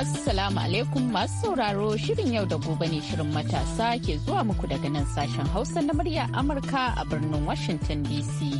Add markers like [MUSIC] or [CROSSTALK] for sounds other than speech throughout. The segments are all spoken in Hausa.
Assalamu alaikum masu sauraro shirin yau da gobe ne shirin matasa ke zuwa muku daga nan sashen Hausa na murya Amurka a birnin Washington DC.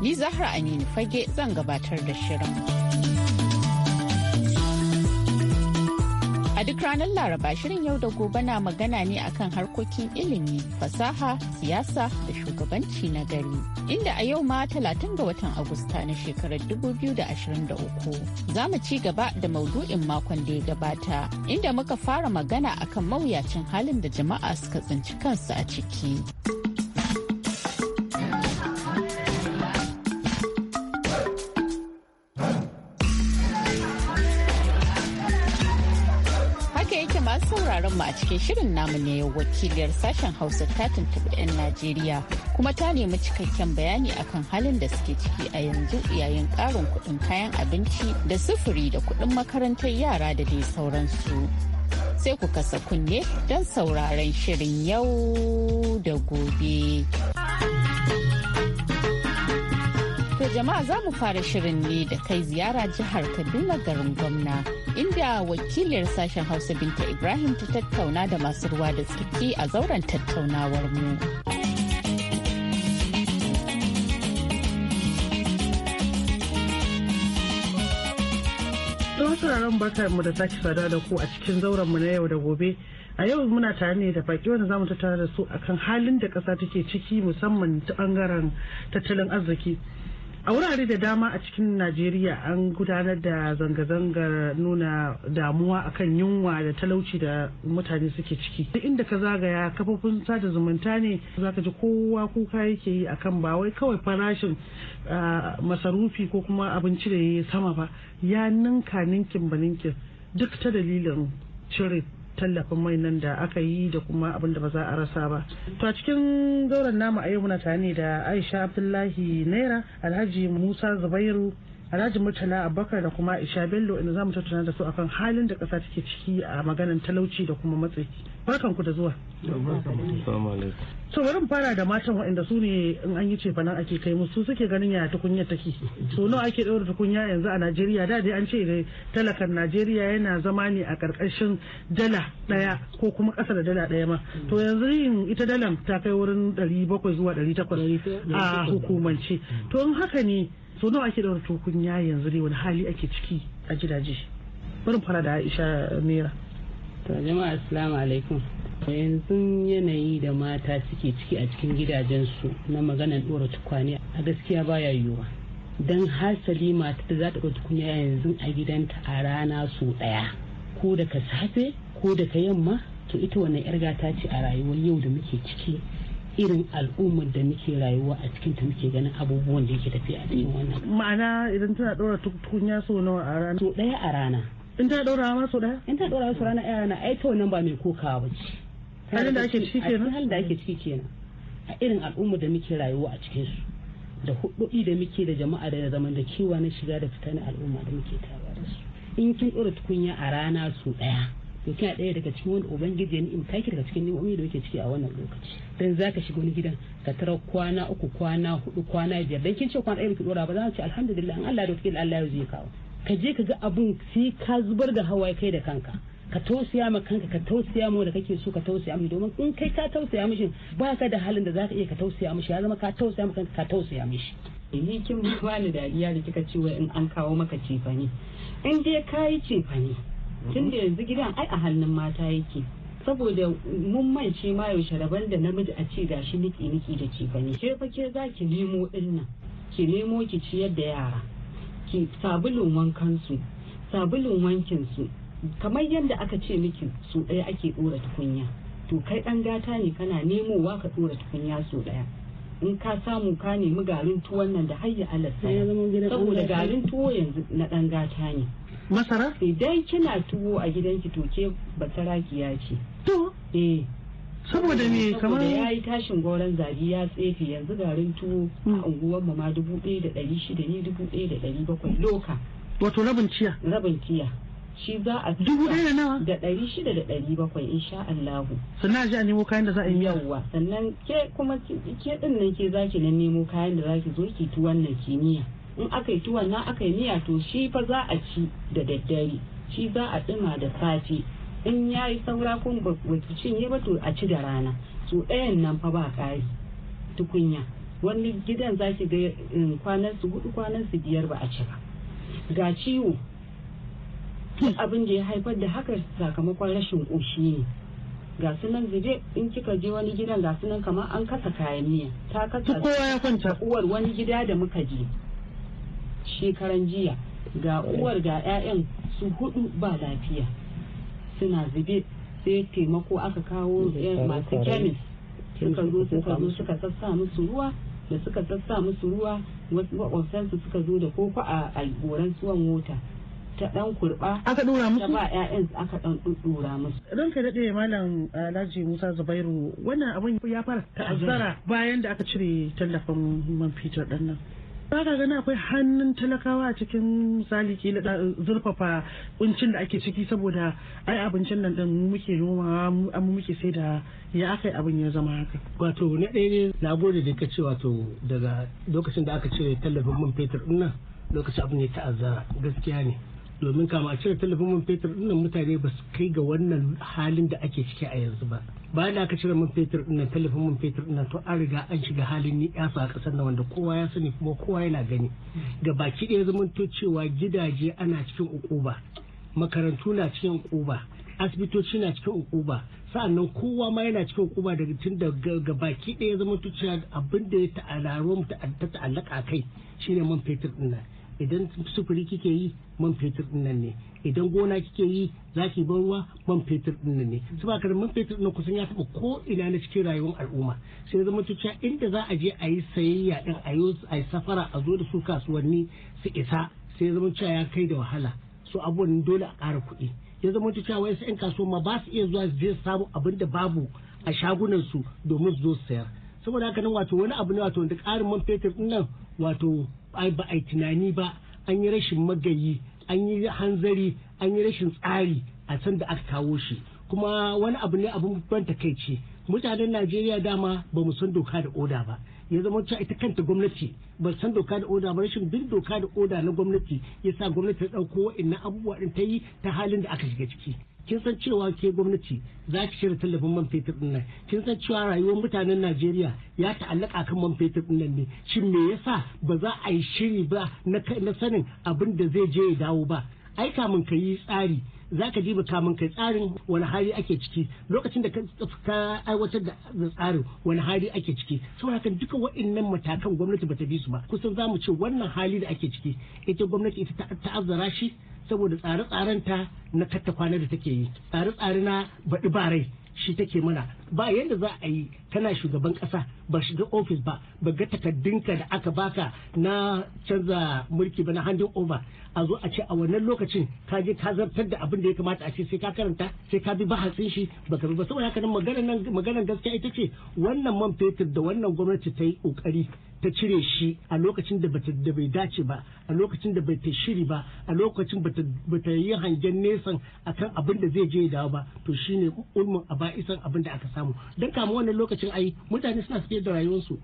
Ni Zahra Aminu Fage zan gabatar da shirin. A duk ranar Laraba shirin yau da gobe na magana ne akan harkokin ilimi, fasaha, siyasa da shugabanci na gari. Inda a yau ma 30 ga watan Agusta na shekarar 2023 za mu ci gaba da maudu'in makon da ya gabata, inda muka fara magana akan mawuyacin halin da jama'a suka tsinci kansu a ciki. mu a cikin shirin namu ne wakiliyar sashen hausa ta tuntuɓi 'yan najeriya kuma ta nemi cikakken bayani akan halin da suke ciki a yanzu yayin ƙarin kuɗin kayan abinci da sufuri da kuɗin makarantar yara da dai sauransu sai ku kasa kunne don sauraron shirin yau da gobe. da jama'a za mu fara shirin ne da kai ziyara jihar Kaduna garin gwamna inda wakiliyar sashen Hausa Binta Ibrahim ta tattauna da masu ruwa da tsaki a zauren tattaunawar mu. Don sauraron barkar mu da sake sada da ku a cikin zauren mu na yau da gobe. A yau muna tare ne da baki wanda zamu tattara da su akan halin da kasa take ciki musamman ta bangaren tattalin arziki. a wurare da dama a cikin najeriya an gudanar da zanga-zangar nuna damuwa akan yunwa da talauci da mutane suke ciki duk inda ka zagaya kafofin sada zumunta ne zaka ji kowa kuka yake yi akan ba wai kawai farashin masarufi ko kuma abinci da ya sama ba ya ninka ninkin ba ninkin duk ta dalilin cire tallafin mai nan da aka yi da kuma abin da ba za a rasa ba to a cikin zauren namu a yau muna tare da aisha abdullahi naira alhaji musa zubairu Alhaji Murtala Abubakar da kuma Isha Bello inda zamu tattauna da su akan halin da kasa take ciki a maganan talauci da kuma matsi. Barkan ku da zuwa. To bari mu fara da matan waɗanda su ne in an yi cefanan ake kai musu suke ganin yaya tukunya take. So nawa ake ɗaura tukunya yanzu a Najeriya da dai an ce dai talakan Najeriya yana zama ne a ƙarƙashin dala ɗaya ko kuma ƙasa da dala ɗaya ma. To yanzu yin ita dalan ta kai wurin ɗari bakwai zuwa ɗari takwas a hukumance. To in haka ne so nawa ake daura tukunya yanzu dai wani hali ake ciki a gidaje barin fara da aisha naira to jama'a assalamu alaikum yanzu yanayi da mata suke ciki a cikin gidajensu na maganar dora tukwane a gaskiya baya yiwuwa don hasali mata da za ta ɗora tukunya yanzu a gidanta a rana su ɗaya ko daga safe ko daga yamma to ita wannan yar gata ce a rayuwar yau da muke ciki irin al'ummar da muke rayuwa a cikin ta muke ganin abubuwan da yake tafiya a cikin wannan ma'ana idan tana ɗora tukunya so nawa a rana so ɗaya a rana in ta ɗora ma so ɗaya in ta ɗora so rana ɗaya eh, rana ai to nan ba mai kokawa ba ce halin da ake ciki kenan halin da ake ciki kenan a irin al'ummar da muke rayuwa a cikin su da hudodi da muke da jama'a da zaman da kewa na shiga da fita na al'umma da muke tawa da su in kin ɗora tukunya a rana so ɗaya to kina ɗaya daga cikin wani ubangiji ne in taki daga cikin ni'imomi da yake ciki a wannan lokaci dan zaka shiga wani gidan ka tara kwana uku kwana hudu kwana biyar dan kin ce kwana ɗaya ki dora ba za ka ce alhamdulillah in Allah da ni Allah ya zai kawo ka je ka ga abun sai ka zubar da hawaye kai da kanka ka tausaya ma kanka ka tausaya mu da kake so ka tausaya mu domin in kai ka tausaya mishi ba ka da halin da zaka iya ka tausaya mishi ya zama ka tausaya ma kanka ka tausaya mishi ni kin ba ni dariya da kika ce wai in an kawo maka cefane in dai kayi cefane Mm-hmm. tun da yanzu gidan ai a hannun mata yake saboda mun mance ma yaushe rabon da namiji a ce gashi niki niki da ce bane ke fa ke za ki nemo din nan ki nemo ki ciyar da yara ki sabulun wankan su wankin su kamar yadda aka ce miki su ɗaya ake ɗora tukunya to kai dan gata ne kana nemowa ka ɗora tukunya su ɗaya in ka samu ka nemi garin tuwon nan da hayya alasa saboda garin tuwo yanzu na ɗan gata ne masara idan kina tuwo a gidanki to ke kiya ce to eh saboda me kamar ya yi tashin goron zabi ya tsefe yanzu garin tuwo a hmm. unguwar mu ma dubu da shida ne dubu da bakwai loka wato rabin ciya rabin ciya shi za a dubu ɗaya nawa da ɗari shida da ɗari bakwai insha Allahu sannan a ji a nemo kayan da za a yi yawwa sannan ke kuma ke ɗin nan ke ki nan nemo kayan da za ki zo ki tuwon nan kimiyya in aka yi tuwon nan aka yi miya to shi fa za a ci da daddare shi za a tsima da safe in ya yi saura ko ba cinye ba to a ci da rana so ɗayan nan fa ba ƙari tukunya wani gidan za ki ga um, kwanan su hudu kwanan su biyar ba a ci ba ga ciwo abin da ya haifar da haka sakamakon rashin ƙoshi ne ga sunan nan zube in kika je wani gidan ga sunan nan kamar an kasa kayan miya ta kasa uwar wani gida da muka je shekaran jiya ga uwar ga 'ya'yan su hudu ba lafiya suna zube sai taimako aka kawo masu kemis suka zo suka zo suka sassa musu ruwa da suka sassa musu ruwa wasu makwabtansu suka zo da koko a goran suwan mota ta dan kurba aka dora musu ba ƴaƴan aka dan dora musu don ka dade malam ah, Alhaji Musa Zubairu wannan abin ya fara ta'azzara bayan da aka cire tallafin man fitar din nan ba ka gani akwai hannun talakawa a cikin misali kila eh, zurfafa kuncin da ake ciki saboda ai abincin nan din muke nomawa amma muke sai da ya aka abin ya zama haka wato na ɗaya ne na gode da ka ce wato daga lokacin da aka cire tallafin man fetur din nan lokacin abin ya ta'azzara gaskiya ne domin kama a cire tallafin man fetur dinnan mutane ba su kai ga wannan halin da ake ciki a yanzu ba bayan da aka cire man fetur dinnan tallafin man fetur dinnan to an riga an shiga halin ni yasa a ƙasar nan wanda kowa ya sani kuma kowa yana gani ga baki ɗaya to cewa gidaje ana cikin ukuba makarantu na cikin ukuba asibitoci na cikin ukuba sa'annan kowa ma yana cikin ukuba daga tun da ga baki ɗaya to cewa abin da ya ta'allaka kai shine man fetur dinnan idan sufuri kike yi man fetur din nan ne idan gona kike yi za ki ban ruwa man fetur din nan ne su ba man fetur din kusan ya taba ko ina na cikin rayuwar al'umma sai zama cewa inda za a je a yi sayayya din a yi safara a zo da su kasuwanni su isa sai zama cewa ya kai da wahala su abubuwan dole a ƙara kuɗi ya zama cewa wai sai in kasuwa ma ba su iya zuwa su je su samu abin da babu a shagunan su domin su zo su sayar saboda haka nan wato wani abu ne wato da ƙarin man fetur din nan wato ba a yi tunani ba an yi rashin magayi an yi hanzari an yi rashin tsari a san da aka kawo shi kuma wani abu ne abin ban takaici mutanen najeriya dama ba mu san doka da oda ba ya zama cewa ita kanta gwamnati ba san doka da oda ba rashin bin doka da oda na gwamnati ya sa gwamnati ta ɗauko na abubuwa ɗin ta yi ta halin da aka shiga ciki kin san cewa ke gwamnati za ki shirya tallafin man fetur din nan kin san cewa rayuwar mutanen Najeriya ya ta'allaka kan man fetur din nan ne shin me yasa ba za a yi shiri ba na sanin abin da zai je ya dawo ba ai kamun ka yi tsari za ka jiba kamun kai tsarin wani hali ake ciki lokacin da ka aiwatar da tsarin wani hali ake ciki saboda haka duka waɗannan matakan gwamnati ba ta bi su ba kusan za mu ce wannan hali da ake ciki ita gwamnati ita ta'azzara shi saboda tsare-tsaren ta na katta da take yi tsare-tsare na baɗi barai shi take mana ba yadda za a yi kana shugaban kasa ba shiga ofis ba ba ga takaddunka da aka baka na canza mulki ba na handin over a zo a ce a wannan lokacin ka je ka zartar da abin da ya kamata a ce sai ka karanta sai ka bi hatsin shi ba ka bi ba saboda haka nan maganar gaskiya ita ce wannan man fetur da wannan gwamnati ta yi kokari ta cire shi a lokacin da bata bai dace ba a lokacin da bai ta shiri ba a lokacin bata ta yi hangen nesan akan abin da zai je dawo ba to shine ulmun isan abin da aka samu dan kama wannan lokacin lokacin ai mutane suna tafiyar da rayuwarsu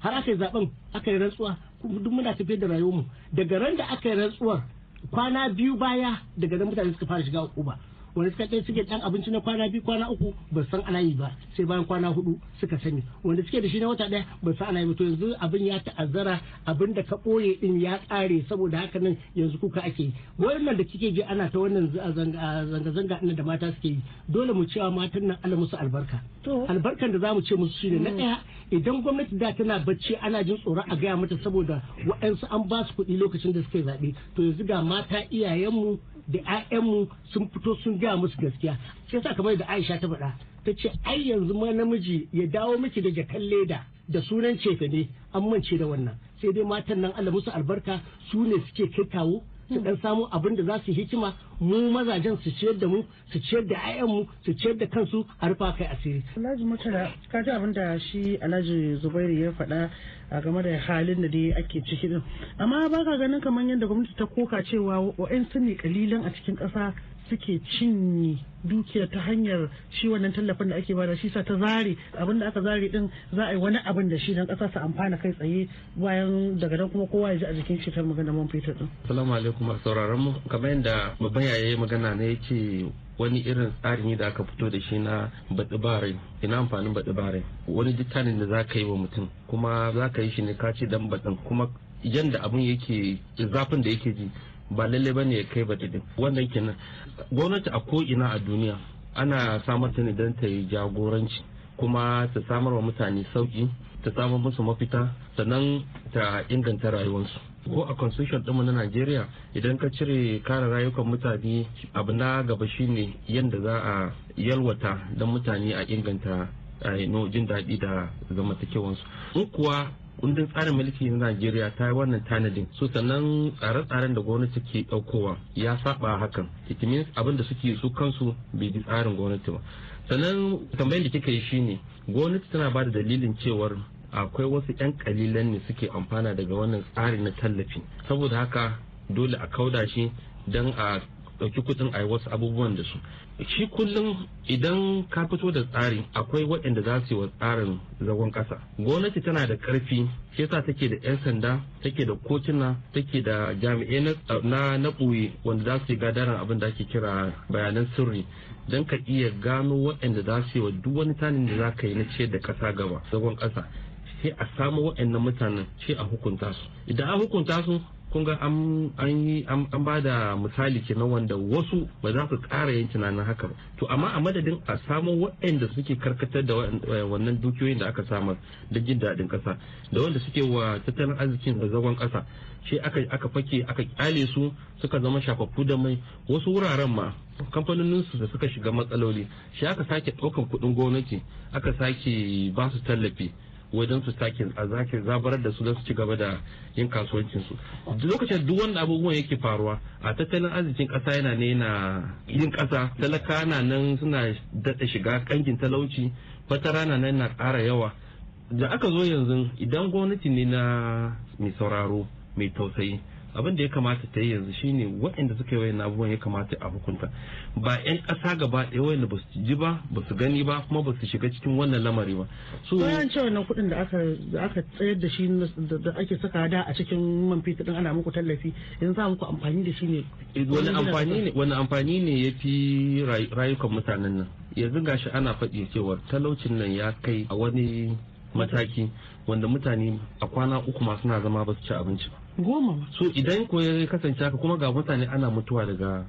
har aka yi zaben aka yi rantsuwa duk muna tafiyar da rayuwarmu daga ran da aka yi rantsuwar kwana biyu baya daga nan mutane suka fara shiga uba wani suka kai suke dan abinci na kwana biyu kwana uku ba san ana yi ba sai bayan kwana hudu suka sani wanda suke da shi na wata daya ba san ana yi ba to yanzu abin ya ta'azzara abin da ka boye din ya kare saboda haka nan yanzu kuka ake yi wannan da kike ji ana ta wannan zanga zanga da mata suke yi dole mu cewa matan nan Allah musu albarka albarkan da za mu ce musu shine na mm. ɗaya idan gwamnati da tana bacci ana jin tsoro a gaya mata saboda waɗansu an ba su kuɗi lokacin da suke zaɓe to yanzu ga mata iyayenmu da 'ya'yanmu sun fito sun gaya musu gaskiya sai sa kamar da Aisha ta faɗa ta ce ai yanzu ma namiji ya dawo miki da jakan leda da sunan cefe ne an mance da wannan sai dai matan nan Allah musu albarka su ne suke kai kawo su dan samu abin da za su hikima mu mazajen su ciyar da mu su ciyar da ayyanmu su ciyar da kansu a fa kai asiri. Alhaji Mutara ka ji abin da shi Alhaji Zubairu ya faɗa a game da halin da dai ake ciki din. Amma ba ka ganin kamar yadda gwamnati ta koka cewa wa'in su ne kalilan a cikin ƙasa suke cinye dukiya ta hanyar shi wannan tallafin da ake bada shi sa ta zare abin da aka zare din za a yi wani abin da shi dan kasa su amfana kai tsaye bayan daga nan kuma kowa ya ji a jikin shi kan magana man fetur din assalamu alaikum sauraron mu kamar yadda babban yayi magana ne yake wani irin tsarin da aka fito da shi na baɗi ina amfanin baɗi wani dukkanin da za ka yi wa mutum kuma za ka yi shi ne ka ce dan baɗin kuma yadda abin yake zafin da yake ji ba lalle ba ne ya kai ba din wannan kenan gwamnati a ko ina a duniya ana samar ta ne don ta yi jagoranci kuma ta samar wa mutane sauki ta samar musu mafita sannan ta inganta rayuwarsu ko a constitution ɗinmu na najeriya idan ka cire kare rayukan mutane abu na gaba shine yadda za a yalwata don mutane a inganta jin daɗi da zamantakewarsu in kuwa kundin tsarin mulki na Najeriya ta yi wannan tanadin su sannan tsare-tsaren da gwamnati ke ɗaukowa ya saba hakan it abin da suke su kansu bai bi tsarin gwamnati ba sannan tambayar da kika yi shine gwamnati tana ba da dalilin cewar akwai wasu 'yan kalilan ne suke amfana daga wannan tsari na tallafi saboda haka dole a kauda shi dan a ɗauki kudin a yi wasu abubuwan da su shi kullum idan ka fito da tsari akwai waɗanda za su yi wa tsarin zagon ƙasa gwamnati tana da ƙarfi shi yasa take da 'yan sanda take da kotuna take da jami'ai na na ɓoye wanda za su yi gadaran abin da ake kira bayanan sirri don ka iya gano waɗanda za su yi wa duk wani tanin da za ka yi na ciyar da ƙasa gaba zagon ƙasa sai a samu waɗannan mutanen sai a hukunta su idan a hukunta su kun ga an ba da misali kenan wanda wasu ba za su kara yin tunanin haka ba to amma a madadin a samu waɗanda suke karkatar da eh, wannan dukiyoyin da aka samar da jin daɗin ƙasa da wanda suke wa tattalin arzikin da zagon ƙasa shi aka fake aka kyale su suka zama shafaffu da mai wasu wuraren ma kamfanonin su da suka shiga matsaloli shi aka sake ɗaukar kuɗin gwamnati aka sake ba su tallafi wajen su a zake zabarar da su don su ci gaba da yin kasuwancin su lokacin duk wannan abubuwan yake faruwa a tattalin arzikin kasa yana ne na yin kasa talaka na nan suna daɗa shiga kangin talauci fatara na nan na ƙara yawa da aka zo yanzu idan gwamnati ne na mai sauraro mai tausayi abin da ya kamata ta yi yanzu shine waɗanda suka yi wayan abubuwan ya kamata a hukunta ba 'yan ƙasa gaba ɗaya wayanda ba su ji ba ba su gani ba kuma ba su shiga cikin wannan lamari ba su bayan cewa wannan kuɗin da aka da aka tsayar da shi da ake saka da a cikin man fetur din ana muku tallafi yanzu za muku amfani da shi ne wani amfani ne wani amfani ne rayukan mutanen nan yanzu gashi ana faɗi cewa talaucin nan ya kai a wani mataki wanda mutane a kwana uku masu na zama ba su ci abinci ba goma so idan ko ya kasance haka kuma ga mutane ana mutuwa daga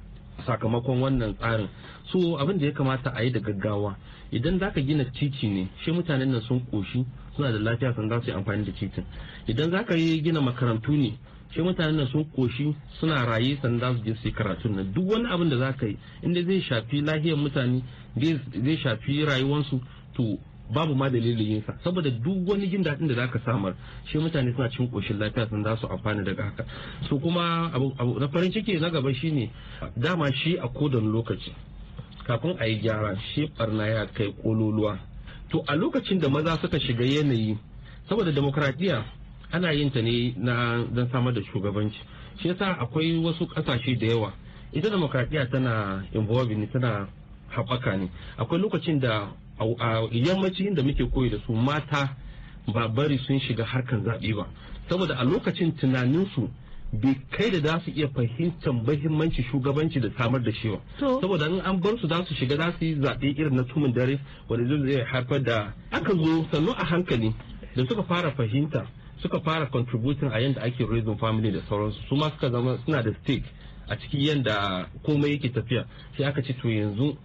sakamakon wannan tsarin so abin da ya kamata a yi da gaggawa idan za ka gina titi ne shi mutanen nan sun koshi suna da lafiya sun za su yi amfani da titin idan za ka yi gina makarantu ne shi mutanen nan sun koshi suna raye za su je su yi karatun nan duk wani abin da za ka yi inda zai shafi lahiyar mutane zai shafi rayuwarsu to babu ma dalilin yinsa saboda duk wani jin daɗin da zaka samar shi mutane suna cikin koshin lafiya sun za su amfana daga haka su kuma abu na farin ciki na gaba shine dama shi a kodan lokaci kafin a yi gyara shi barna ya kai kololuwa to a lokacin da maza suka shiga yanayi saboda demokradiyya ana yin ta ne na don samar da shugabanci shi yasa akwai wasu ƙasashe da yawa ita demokradiyya tana involving tana haɓaka ne akwai lokacin da a yammaci inda muke koyi da su mata ba bari sun shiga harkan zaɓe ba saboda a lokacin tunaninsu bai kai da za iya fahimtar mahimmanci shugabanci da samar da shi ba saboda in an bar su za shiga za yi zaɓe irin na tumin dare wanda zai haifar da aka zo sannu a hankali da suka fara fahimta suka fara contributing a yadda ake raising family da sauransu su ma suka zama suna da stake a cikin yadda komai yake tafiya sai aka ce to yanzu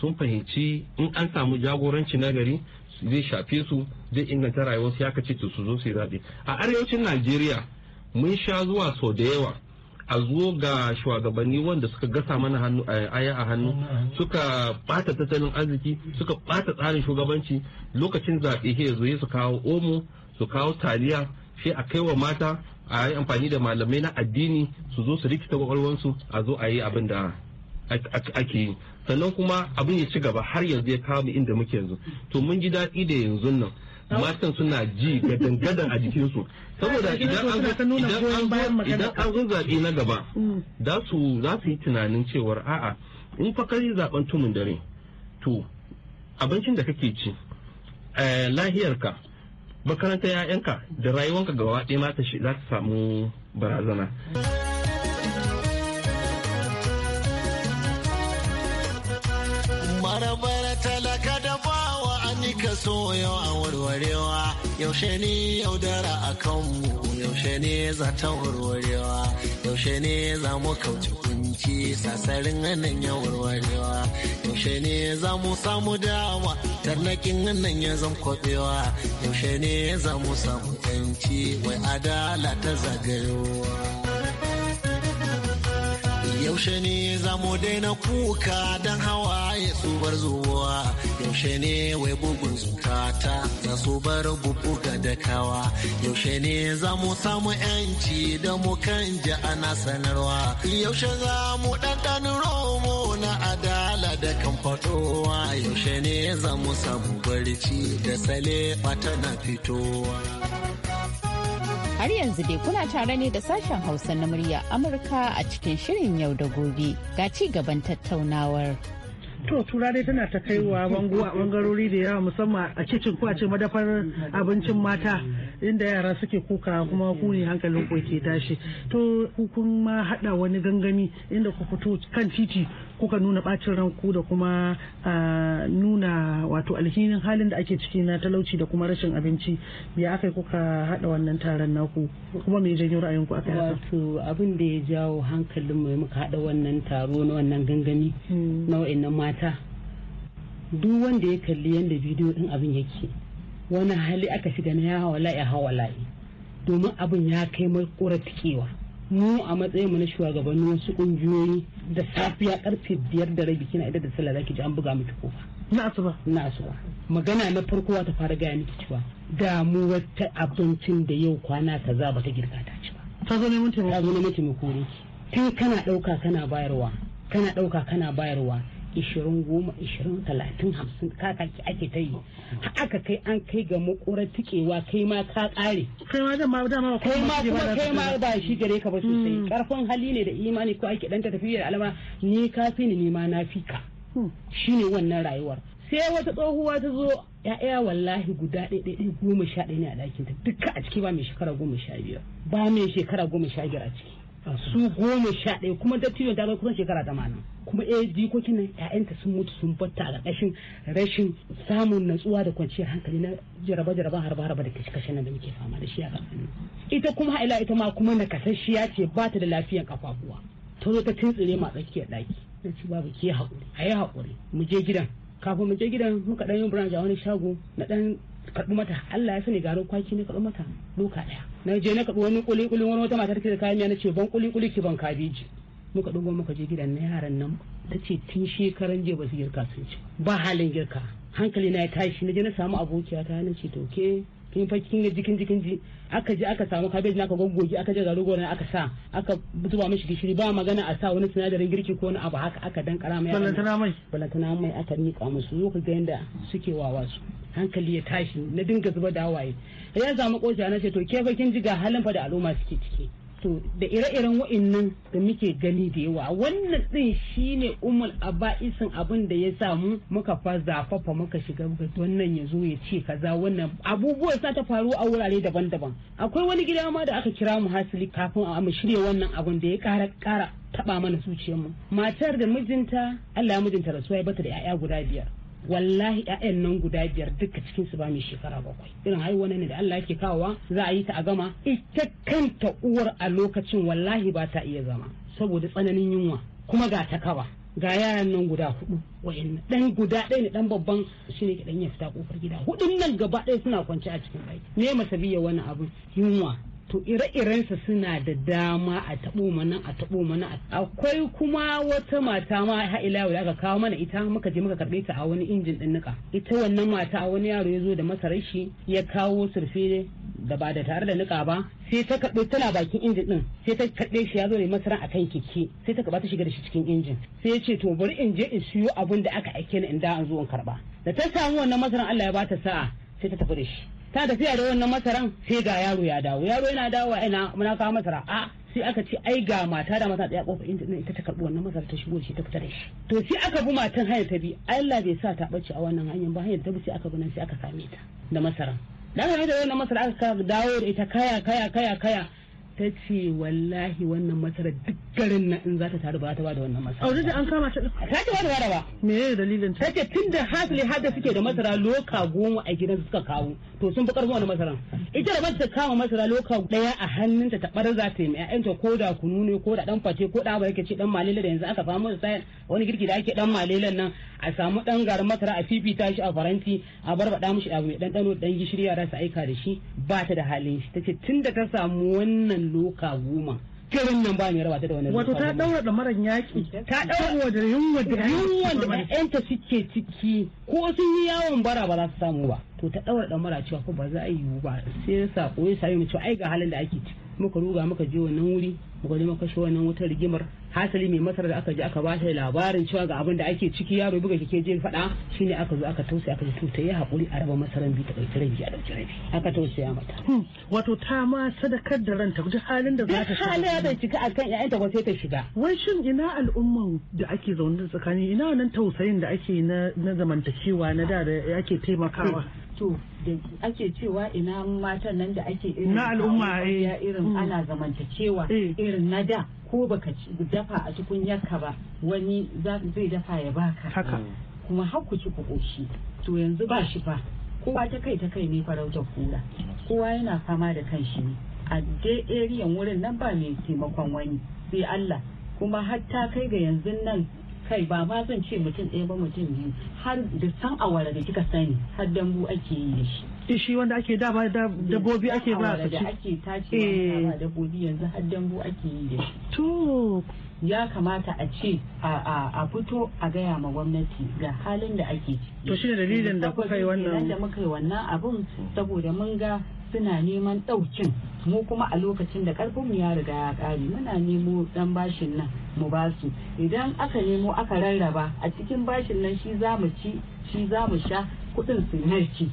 sun fahimci in an samu jagoranci na gari zai shafe su zai inganta rayuwarsu ya kace su zo su zaɓe a arewacin najeriya mun sha zuwa sau da yawa a zo ga shugabanni wanda suka gasa mana hannu eh, aya a hannu suka bata tattalin arziki suka bata tsarin shugabanci lokacin zaɓe ya zo su kawo omo su kawo taliya shi a kaiwa mata a yi amfani da malamai na addini su zo su rikita kwakwalwansu a zo a yi abin da ake yi sannan kuma abin ya ci gaba har yanzu ya kawo inda muke yanzu to mun ji daɗi da yanzu nan matan suna ji gadan gadan a jikinsu saboda idan an zo zaɓe na gaba mm. za su yi tunanin cewar a'a in fa kai zaben tumun dare to abincin da kake ci eh, lahiyarka makarantar 'ya'yanka da rayuwanka gaba ɗaya za ta samu barazana. ka so yau warwarewa yaushe ne yaudara a kanmu yaushe ne za ta warwarewa yaushe ne za mu kauce kunci sasarin hannun ya warwarewa yaushe ne za mu samu dama tarnakin nan ya zan kwabewa yaushe ne za mu samu tanci wai adala ta zagayowa yaushe ne za mu daina kuka don hawa ya tsubar zuwa yaushe ne wai bugun zukata za su bar bubuga da kawa yaushe ne za mu samu yanci da mu kan ji ana sanarwa yaushe za mu ɗanɗan romo na adala da kan fatowa yaushe ne za mu samu barci da sale na fitowa Har yanzu dai kuna tare ne da sashen Hausa na murya Amurka a cikin shirin yau da gobe ga ci gaban tattaunawar. To tura dai tana ta kaiwa bango a bangarori da yawa musamman a kicin ko a ce madafar abincin mata inda yara suke kuka kuma kuni hankalin ko ke tashi. To ma hada wani gangami inda ku fito kan titi kuka nuna bacin ranku da kuma nuna wato alhinin halin da ake ciki na talauci da kuma rashin abinci ya aka kuka hada wannan taron naku kuma me janyo ra'ayinku aka haka wato abin da ya jawo hankalin mu muka hada wannan taro na wannan gangami hmm. na wa'annan mata duk wanda ya kalli yanda bidiyo din abin yake wani hali aka shiga na ya hawala ya hawala domin abin ya kai mai tikewa mu a matsayin mu na shugabanni wasu ƙungiyoyi da safiya karfe biyar da rabi kina idan da sallah zaki ji an buga miki kofa na asuba na asuba magana na farko ta fara gaya miki cewa mu wata abincin da yau kwana kaza ba ta girka ta ci ba ta zo neman taimako ta zo neman taimako ne tun kana dauka kana bayarwa kana dauka kana bayarwa ishirin goma ishirin talatin hamsin kakaki ake ta yi aka kai an kai ga makura tikewa kai ma ka kare kai ma dama dama kai ma kuma kai ma ba shi gare ka ba sosai karfin mm. hali ne da imani ko ake dan tafiyar alama ni ka fi ni ma na fi ka mm. shine wannan rayuwar sai wata tsohuwa ta zo ya'ya wallahi guda ɗaya ɗaya goma sha ɗaya ne a ɗakin ta dukka a ciki ba mai shekara goma sha biyar ba mai shekara goma sha biyar a ciki su goma sha ɗaya kuma dattijon ta zo kusan shekara tamanin kuma eh jikokin nan ƴaƴanta sun mutu sun batta a ƙarƙashin rashin samun natsuwa da kwanciyar hankali na jaraba jaraba harba harba da kashe kashe nan da muke fama da shi a ƙarƙashin ita kuma ila ita ma kuma nakasasshiya ce ba ta da lafiyar kafafuwa ta zo ta tuntsire ma tsakiyar ɗaki na ci babu ke haƙuri a yi haƙuri mu je gidan kafin mu je gidan muka ɗan yi branch a wani shago na ɗan karɓi mata Allah ya sani garin kwaki ne karɓi mata doka ɗaya na je na karɓi wani kuli kuli wani wata matar ke da kayan miya na ce ban kuli kuli ki ban kabeji muka dogo muka je gidan na yaran nan ta ce tun shekaran jiya ba su girka sun ci ba halin girka hankali na ya tashi na je na samu abokiya ta na ce to ke kin fa kin ga jikin jikin ji aka je aka samu kabeji naka goggogi aka je garugo aka sa aka zuba mishi gishiri ba magana a sa wani sinadarin girki ko wani abu haka aka dan kara mai balantana mai balantana mai aka nika musu zo ka ga yanda suke wawa su hankali ya tashi na dinga zuba dawaye ya samu koshi na ce to ke fa kin ji ga halin fa da al'umma suke ciki to da ire-iren wa'annan da muke gani da yawa wannan din shine umul aba'isin abin da ya sa mu muka fa zafafa muka shiga wannan ya zo ya ce kaza wannan abubuwa sa ta faru a wurare daban-daban akwai wani gida ma da aka kira mu hasili kafin a mu shirya wannan abin da ya kara kara taba mana zuciyarmu matar da mijinta Allah ya mijinta rasuwa ya bata da 'ya'ya guda biyar wallahi ƴaƴan nan guda biyar duka cikin su ba mai shekara bakwai irin wani ne da Allah yake kawowa za a yi ta a gama ita kanta uwar a lokacin wallahi ba ta iya zama saboda tsananin yunwa kuma ga ta kaba ga yaran nan guda hudu wayan dan guda ɗaya ne dan babban shine ke dan ya fita kofar gida hudun nan gaba ɗaya suna kwance a cikin ɗaki me masabiya wani abu yunwa to ire-irensa iren suna da dama a taɓo mana a taɓo mana akwai kuma wata mata ma ha'ila da aka kawo mana ita muka je muka karɓe ta a wani injin ɗin nika ita wannan mata a wani yaro ya zo da masarar shi ya kawo surfe da ba da tare da nika ba sai ta karɓe tana bakin injin ɗin sai ta karɓe shi ya zo da masara a kan keke sai ta karɓa ta shiga da shi cikin injin sai ya ce to bari in je in siyo abun da aka aike ni in da an zo in karɓa da ta samu wannan masaran Allah ya bata ta sa'a sai ta tafi da shi ta tafiya da wannan masaran sai ga yaro ya dawo yaro yana dawo ina muna kawo masara a sai aka ce ai ga mata da mata tsaya kofa inda ita ta karbi wannan masara ta shigo shi ta fita da shi to sai aka bi matan hanyar ta bi Allah bai sa ta bace a wannan hanyar ba hanyar ta bi sai aka bi nan sai aka same ta da masaran dan hanyar da wannan masara aka dawo da ita kaya kaya kaya kaya ta ce wallahi wannan masarar duk garin na in za ta taru ba ta ba da wannan masarar. Aure da an kama ta ta ce ba da ba. Me ne dalilin ta? Ta ce tun da hasali har da suke da masara loka goma a gidan suka kawo to sun fi karfin wani masara. Ita da ta kama masara loka daya a hannunta ta bar za ta yi ta ko da kunu ne ko da dan face ko da ba ce dan malele da yanzu aka fama da sayan wani girki da ake dan malelan nan a samu dan garin masara a fifita shi a faranti a barbada mishi abu mai dan dano dan gishiri yara su aika da shi ba ta da halin shi ce tun da ta samu wannan loka goma garin nan ba ni raba ta da wani wato ta daura da maran yaki ta daura da yunwa da yunwa da suke ciki ko sun yi yawon bara ba za su samu ba to ta daura da mara cewa ko ba za a yi ba sai sako ya sami mu cewa ai ga halin da ake ciki muka ruga muka je wannan wuri gwani kashe wannan wutar rigimar hasali mai masar da aka je aka ba shi labarin cewa ga abin da ake ciki yaro buga kike jin fada shine aka zo aka tausaya aka ce ta yi haƙuri a raba masaran bi ta ɗauki rabi a ɗauki rabi aka tausaya mata. Hmm. wato ta ma sadakar da ranta duk halin da za ta shiga. halin da cika akan ta ko sai ta shiga. wai shin ina al'umman da ake zaune tsakanin ina wannan tausayin da ake na zamantakewa na da da ake taimakawa. Hmm. to da ake cewa ina matan nan da ake irin na al'umma eh. irin mm. ana zamantakewa eh. irin na da ko baka dafa a tukunyarka ba wani zai dafa ya baka haka mm. kuma har ku ci ku koshi to yanzu ba shi fa kowa ta kai ta kai ne farautar kura kowa yana fama da kanshi ne a dai wurin nan ba mai taimakon wani sai Allah kuma hatta kai ga yanzu nan kai ba ma zan ce mutum ɗaya ba mutum biyu har da san awara da kika sani har dambu ake yi da shi shi shi wanda ake dama dabbobi ake ba a da ake tacewa eh. dabbobi yanzu har dambu ake yi da shi to ya kamata a ce a fito a gaya ma gwamnati ga halin da ake to shi dalilin da kuka yi wannan da muka yi wannan abun saboda mun ga suna neman ɗaukin mu kuma a lokacin da karfinmu ya riga ya ƙare muna nemo ɗan bashin nan mu basu idan aka nemo aka rarraba a cikin bashin nan shi za mu ci shi za mu sha kuɗin su narki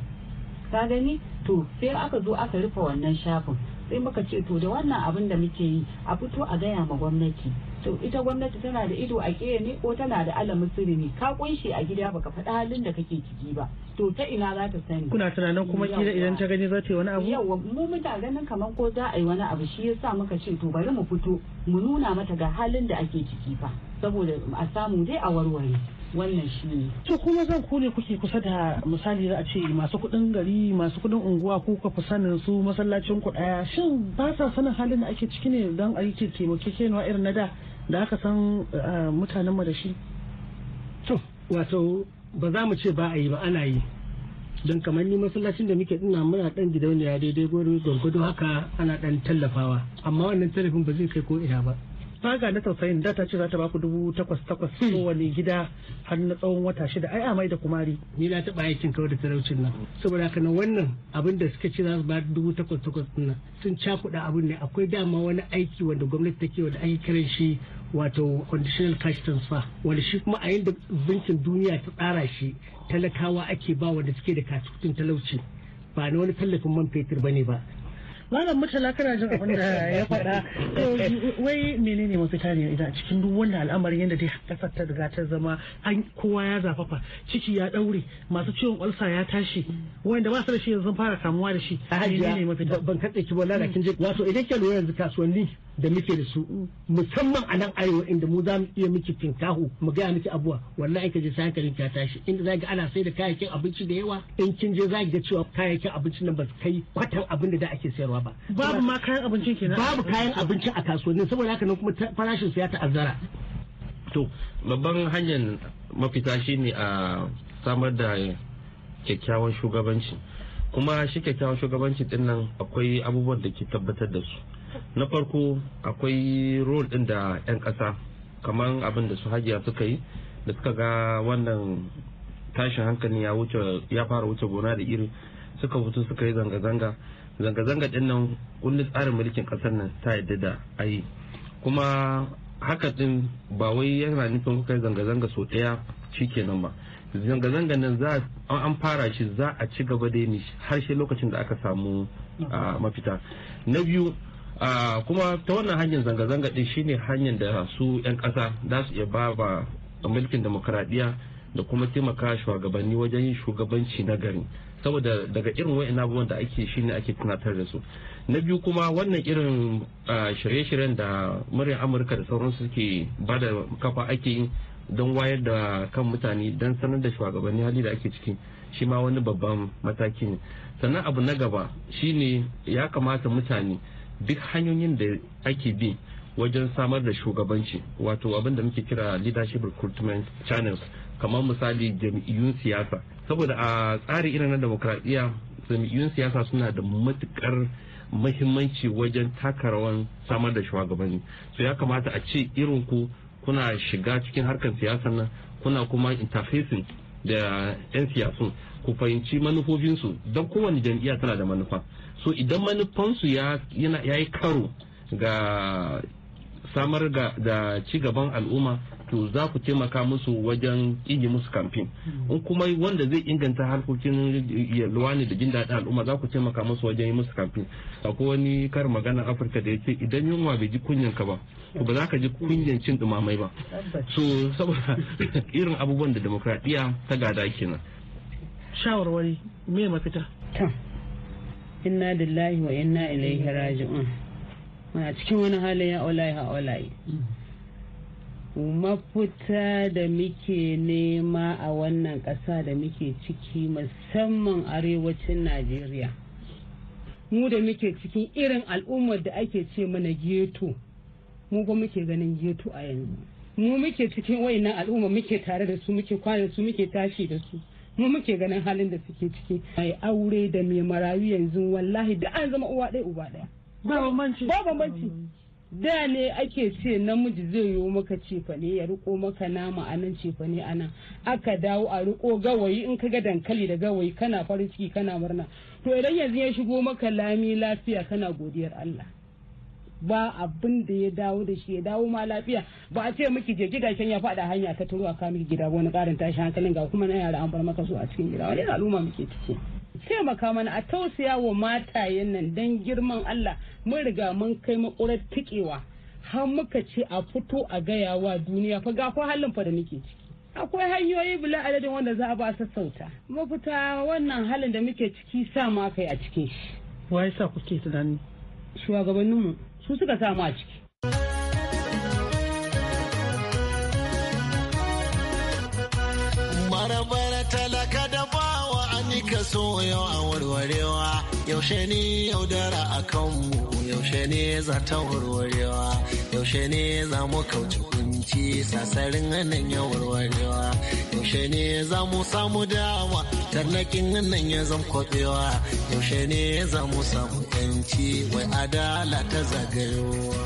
ka gani to sai aka zo aka rufe wannan shafin sai muka ce to da wannan abin da muke yi a fito a gaya ma gwamnati to ita gwamnati tana da ido a ƙeya ne ko tana da ala sirri ne ka kunshi a gida baka faɗa halin da kake ciki ba to ta ina za ta sani kuna tunanin kuma kira idan ta gani za ta yi wani abu yawa mu muna ganin kamar ko za a yi wani abu shi yasa muka ce to bari mu fito mu nuna mata ga halin da ake ciki fa saboda a samu dai a warware wannan shi ne. To kuma zan ku ne kuke kusa da misali za a ce masu kuɗin gari masu kuɗin unguwa ko ka sanin su masallacin ku ɗaya shin ba sa sanin halin da ake ciki ne don a yi kirkemo irin na da da aka san ah, mutanenmu da shi to wato ba za mu ce ba a yi ba ana yi don kamar ni masallacin da muke ina muna dan gidauniya daidai gwargwado haka ana dan tallafawa amma wannan tallafin ba zai kai ko ina ba faga na tausayin da ta ce za ta ku dubu takwas takwas hmm. kowane gida har na tsawon wata shida ai mai da kumari ni na taɓa aikin kawai da talaucin nan saboda haka na wannan abin da suka ce za su ba dubu takwas takwas nan sun cakuɗa abin ne akwai dama wani aiki wanda gwamnati take wanda ake kiran shi wato conditional cash transfer wanda shi kuma a yadda bankin duniya ta tsara shi talakawa ake ba wanda suke da katutun talauci ba na wani tallafin man fetur bane ba malam mutala kana jin abin da ya faɗa eh, wai menene mafita ne idan cikin duk wannan al'amarin yadda dai kasar ta riga ta zama an kowa ya zafafa ciki ya daure masu ciwon ulsa ya tashi wanda ba su da shi yanzu fara kamuwa da shi menene mafita ban katse ki da kin je wato idan ke lura yanzu kasuwanni da muke da su mm. musamman a nan arewa inda mu za mu iya miki tinkahu mu gaya miki abuwa wannan aika je sai hankalin ta tashi inda za ga ana sai da kayayyakin abinci da yawa in kin je za ki ga cewa kayayyakin abincin nan ba su kai kwatan abin da da ake sayarwa ba babu ma kayan abincin kenan babu kayan abinci a kasuwanni saboda haka nan kuma farashin su ya ta'azzara to babban hanyar mafita shine a samar da kyakkyawan shugabanci kuma shi kyakkyawan shugabanci din nan akwai abubuwan da ke tabbatar da su na farko akwai rol ɗin da 'yan ƙasa kamar abin da su hajiya suka yi da suka ga wannan tashin hankali ya fara wuce gona da iri suka fito suka yi zanga-zanga zanga-zanga din nan kundin tsarin mulkin kasar nan ta yadda da ayi kuma haka din ba wai yana nufin kuka yi zanga-zanga sau ɗaya shikenan ba zanga-zanga nan za an fara shi za a ci gaba da yi har sai lokacin da aka samu mafita na biyu kuma ta wannan hanyar zanga-zanga din shine hanyar da su 'yan ƙasa za su iya ba ba mulkin demokradiyya da kuma taimaka shugabanni wajen yin shugabanci na gari saboda daga irin wa'in abubuwan da ake shine ake tunatar da su na biyu kuma wannan irin shirye-shiryen da muryar amurka da sauransu suke ba da kafa ake yi don wayar da kan mutane don sanar da shugabanni hali da ake ciki shi ma wani babban mataki ne sannan abu na gaba shine ya kamata mutane duk hanyoyin da ake bi wajen samar da shugabanci wato abin da muke kira leadership recruitment channels kamar misali jam'iyyun siyasa saboda a tsari irin na demokradiyya jam'iyyun siyasa suna da matukar mahimmanci wajen taka rawar samar da shugabanni so ya kamata a ce irin ku kuna shiga cikin harkar siyasa nan kuna kuma interfacing da 'yan siyasun ku fahimci manufofinsu don kowane jam'iyya tana da manufa so idan manufansu ya yi karo ga samar da ci gaban al'umma to za ku taimaka musu wajen yi musu kamfin hmm. in kuma wanda zai inganta harkokin luwani da jin daɗin al'umma za ku taimaka musu wajen yi musu kamfen akwai wani kar magana afirka da ya ce idan yunwa bai ji kunyan ka ba ba za ka ji kunyan cin dumamai ba so saboda [LAUGHS] irin abubuwan da demokradiyya ta gada kenan shawarwari me mafita inna lillahi wa inna ilaihi raji'un muna cikin wani halin ya olayi ha olayi mafita da muke nema a wannan ƙasa da muke ciki musamman arewacin najeriya mu da muke cikin irin al'ummar da ake ce mana geto mu ba muke ganin geto a yanzu mu muke cikin wayannan al'umma muke tare da su muke kwana su muke tashi da su mu muke ganin halin da suke ciki mai aure da mai marayu yanzu wallahi da an zama uwa ɗaya uba ɗaya ba bambanci da ne ake ce namiji zai yi maka cefane ya riko maka nama a nan cefane a nan aka dawo a riko gawayi in ka ga dankali da gawayi kana farin ciki kana murna to idan yanzu ya shigo maka lami lafiya kana godiyar Allah ba abin da ya dawo da shi ya dawo ma lafiya ba a ce miki je giga ya faɗa hanya ta turuwa a miki gida wani ƙarin tashi hankalin ga kuma na yara an bar maka su a cikin gida wani al'umma muke ciki taimaka mana a tausaya wa matayen nan dan girman Allah mun riga mun kai makurar tikewa har muka ce a fito a gaya wa duniya fa ga ko halin fa da muke ciki akwai hanyoyi bila adadin wanda za a ba sassauta mafita wannan halin da muke ciki sa ma kai a cikin shi wai sa kuke tunani shugabanninmu su suka samu a ciki. Marabara talaka da bawa an yi kaso yau a warwarewa. yaushe ne yaudara a kanmu yaushe ne za ta warwarewa yaushe ne za mu kauce kunci sasarin nan ya warwarewa yaushe ne za mu samu dama tarnakin nan ya zan kwabewa yaushe ne za mu samu yanci wai adala ta zagayowa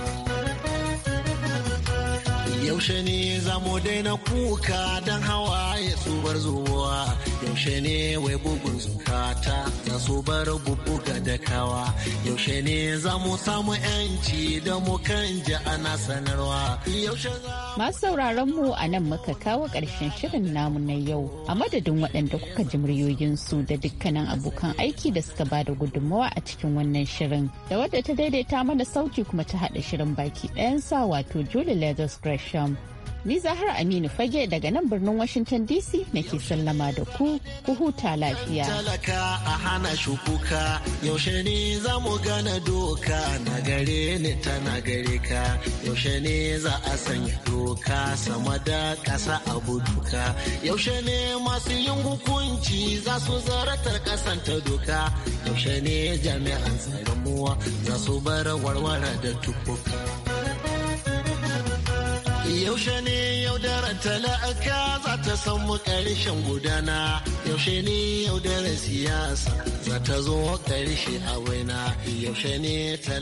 yaushe ne za mu daina kuka don hawaye ya zuwa yaushe ne wai bugun zukata za su bar bubuga da kawa yaushe ne za mu samu yanci da mu kan ji ana sanarwa masu sauraron mu a nan muka kawo ƙarshen shirin namu na yau a madadin waɗanda kuka ji su da dukkanin abokan aiki da suka ba da gudunmawa a cikin wannan shirin da wadda ta daidaita mana sauki kuma ta haɗa shirin baki ɗayan sa wato julie leathers gresham Ni Zahra Aminu Fage daga nan birnin Washington DC nake sallama da ku, ku huta lafiya. Talaka a hana shukuka, yaushe ne za mu gana doka na gare ni ta na gare ka, yaushe ne za a sanya doka sama da ƙasa a buduka, yaushe ne masu yin hukunci za su zaratar ƙasan ta doka, yaushe ne jami'an tsaron muwa za su bar warware da tukuka. Yaushe ne yaudarar talaka za ta samu ƙarshen gudana, yaushe ne yaudarar siyasa za ta zo ƙarshe a waina, yaushe ne